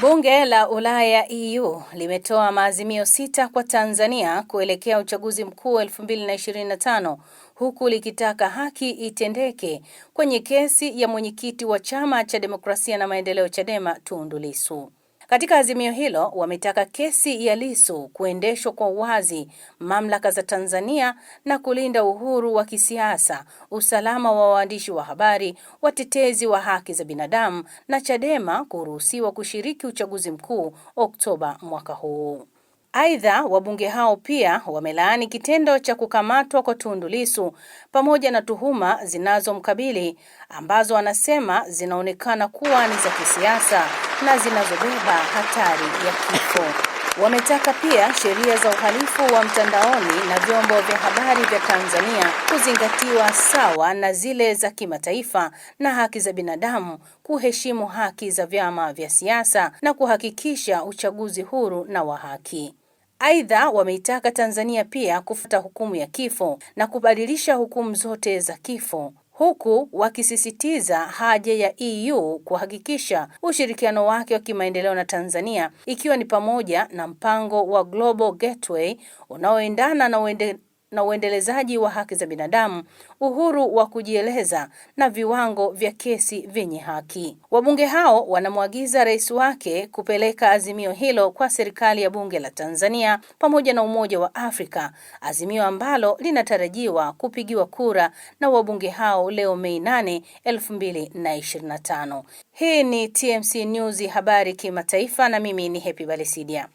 Bunge la Ulaya EU limetoa maazimio sita kwa Tanzania kuelekea uchaguzi mkuu 2025 huku likitaka haki itendeke kwenye kesi ya mwenyekiti wa Chama cha Demokrasia na Maendeleo Chadema Tundu Lissu. Katika azimio hilo wametaka kesi ya Lissu kuendeshwa kwa uwazi mamlaka za Tanzania na kulinda uhuru wa kisiasa, usalama wa waandishi wa habari, watetezi wa haki za binadamu na Chadema kuruhusiwa kushiriki uchaguzi mkuu Oktoba mwaka huu. Aidha, wabunge hao pia wamelaani kitendo cha kukamatwa kwa Tundu Lissu pamoja na tuhuma zinazomkabili ambazo wanasema zinaonekana kuwa ni za kisiasa na zinazobeba hatari ya kifo. Wametaka pia sheria za uhalifu wa mtandaoni na vyombo vya habari vya Tanzania kuzingatiwa sawa na zile za kimataifa na haki za binadamu, kuheshimu haki za vyama vya siasa na kuhakikisha uchaguzi huru na wa haki. Aidha, wameitaka Tanzania pia kufuata hukumu ya kifo na kubadilisha hukumu zote za kifo huku wakisisitiza haja ya EU kuhakikisha ushirikiano wake wa kimaendeleo na Tanzania ikiwa ni pamoja na mpango wa Global Gateway unaoendana na uende na uendelezaji wa haki za binadamu, uhuru wa kujieleza na viwango vya kesi vyenye haki. Wabunge hao wanamwagiza rais wake kupeleka azimio hilo kwa serikali ya bunge la Tanzania pamoja na Umoja wa Afrika, azimio ambalo linatarajiwa kupigiwa kura na wabunge hao leo Mei 8, 2025. Hii ni TMC News habari kimataifa na mimi ni Happy Balisidia.